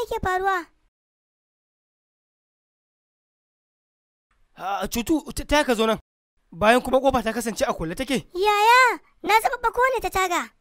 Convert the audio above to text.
yake faruwa? Ah, Cutu ta ka zo nan, bayan kuma kofa ta kasance a kulle take? Yaya, na zaba ko ne ta taga.